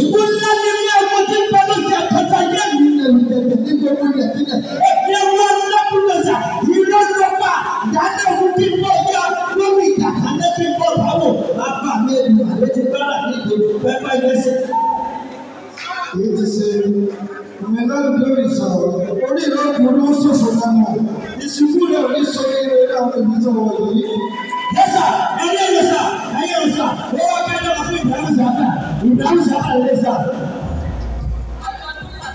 Ìgbóná ni mi àwọn tí ń bọ́lú sí àkọ́tà yẹ́ mi lè mi tẹ̀lé ní gbogbo ilẹ̀ sílẹ̀. Èmi ẹ̀wọ̀n ọlọ́kùnrin ọ̀sà ìlú ọ̀dọ́gba ìdáná òun ti bọ̀ yá lórí ìdàkà lẹ́tí bọ̀ báwò. Bàbá mi èlò àlẹ́ ti bára ní ìdòdò pẹ́pẹ́ yẹn sí. Èyí ti ṣe ìmọ̀lá lórí ìsọ̀rọ̀ orí ìlọ́kùnrin ó ṣòfò lọ́mọ. Ìsìnkú rẹ̀ ò ní sọ eré àwọn ìbí Yes sir, ẹ̀yẹ́ yes sir, ẹ̀yẹ́ yes sir, ó wá bẹ́ẹ̀ lọ́wọ́ fún ìdáhùn sí àgbà. Ibrahim Saka Leza.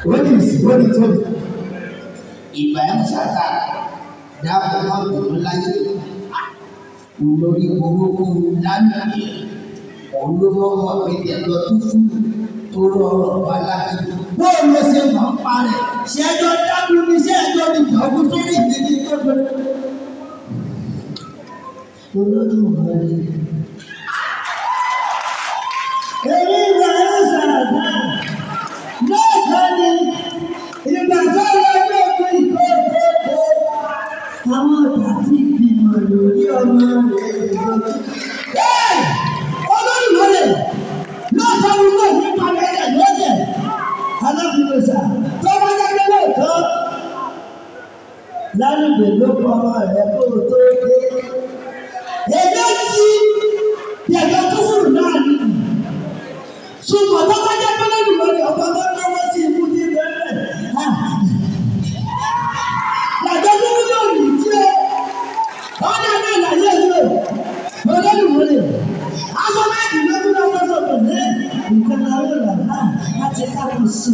What is what is what? Ibrahim Saka dábò náà kò tó láyé olórí burúkú lánàá òun ló mọ́mọ́ mi tẹ̀ lọ tó fún tó rọrọ̀ wá láti. Bóyá ló ṣe máa ń parẹ́ ṣé ẹjọ́ dábìlú ní ṣé ẹjọ́ ní ìjọba ìdílé tó lọ. Olórí àti ìgbìmọ̀ lórí ọmọ rẹ̀ lọ. bẹ́ẹ̀ olólùmọ̀lẹ̀ náà táwọn náà nípa rẹ̀ lọ́jẹ̀ alábìlẹ̀sà tọ́wọ́ jáde ló kọ́ ọmọ rẹ̀ ọ̀nà ní ìlàyé ìlú olólùmọ̀lẹ̀ aṣọ báàgì lọ́dún lọ́sọ̀ sọ̀tọ̀ ní ìkànnà ọ̀rọ̀ náà láti káàkó sí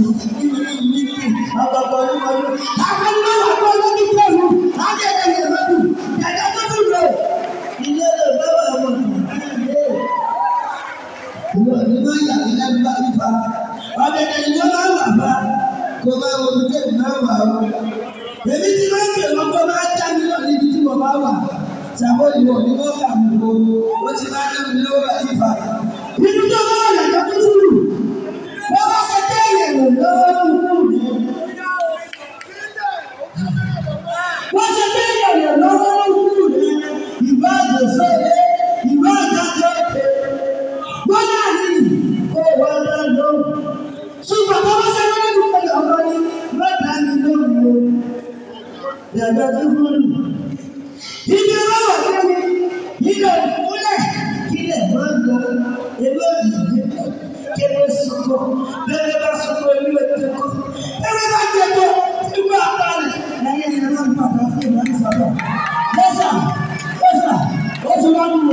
ọgbọgbọ olúmọlú àpẹẹrẹ wà fún olóbi pẹ̀lú láti ẹ̀rẹ́ ìlú lọ́dún gẹ́gẹ́ tó tún lò ilé lè lọ́wọ́ ọmọ ìwọ ni máa yà ní ẹni bá ní fa ọ̀gẹ̀dẹ̀ ni wọ́n máa wà fa kó máa wọ ojú tẹ̀lé máa wà ó èmi ti máa ń pè wọ́n kó máa já mi lọ níbi tí mo bá wà. Ìjàmbá ìwọ ni wọ́n kà mí o, ó ti máa ń mi lọ́wọ́ ìfà. Inú tó bá wà lọ́jọ́ tó túlù, wọ́n bá sọ pé èèyàn lọ́wọ́ ló ń kú mi. Wọ́n sọ pé èèyàn lọ́wọ́ ló ń mi. Ìwà àjọṣe ilé, àjọṣe ilé. Wọ́n náà ní kó wá náà lọ́wọ́. Ṣùgbọ́n tó bá sọ pé èèyàn lọ́wọ́ ni wọ́n dá mi lóhùn Ìyàgbẹ́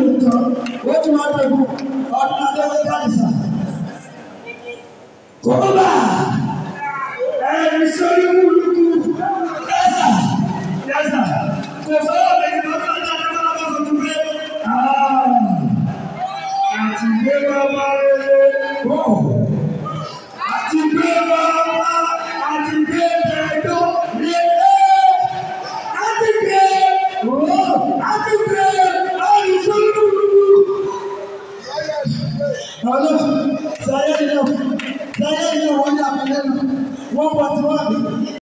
nìkan ó tún wá dé kú ọdún abẹ́rẹ́ káàdìsà. Kọ́lá ẹ̀rí sórí wúlúkú yẹ́sà yẹ́sà kò sọ́wọ́ mi ní bàbá náà ní bàbá náà fún mi. Àti gbé bàbá rẹ̀ wọ̀. অপরাধী